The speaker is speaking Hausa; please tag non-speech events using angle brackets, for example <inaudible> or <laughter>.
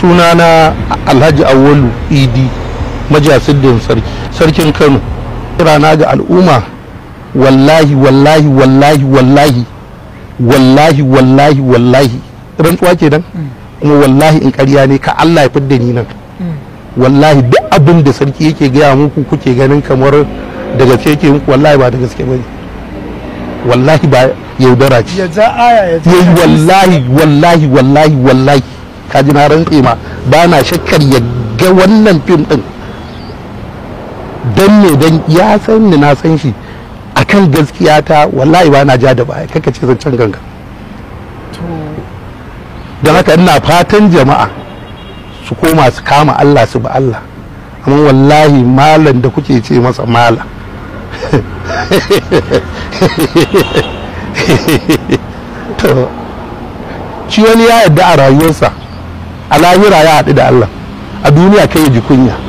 sunana alhaji awwalu idi majasiddin sarki sarkin kano kirana ga al'umma wallahi wallahi wallahi wallahi wallahi wallahi wallahi rantsuwa ke nan kuma wallahi in karya ne ka allah ya fidda ni nan wallahi duk abin da sarki yake gaya muku kuke ganin kamar da gaske yake muku wallahi ba da gaske ba wallahi ba yaudara ce ya wallahi wallahi wallahi wallahi kaji na rantse ma ba na shakkar ya ga wannan fim din dan me dan ya san ni na san shi akan gaskiya ta wallahi ba na ja da baya kaka ce zan zancen ganga don haka ina fatan jama'a su koma su kama Allah su ba Allah amma wallahi malam da kuke ce masa mala <laughs> to ya yarda a rayuwarsa a lahira ya haɗu da Allah a duniya kai ji kunya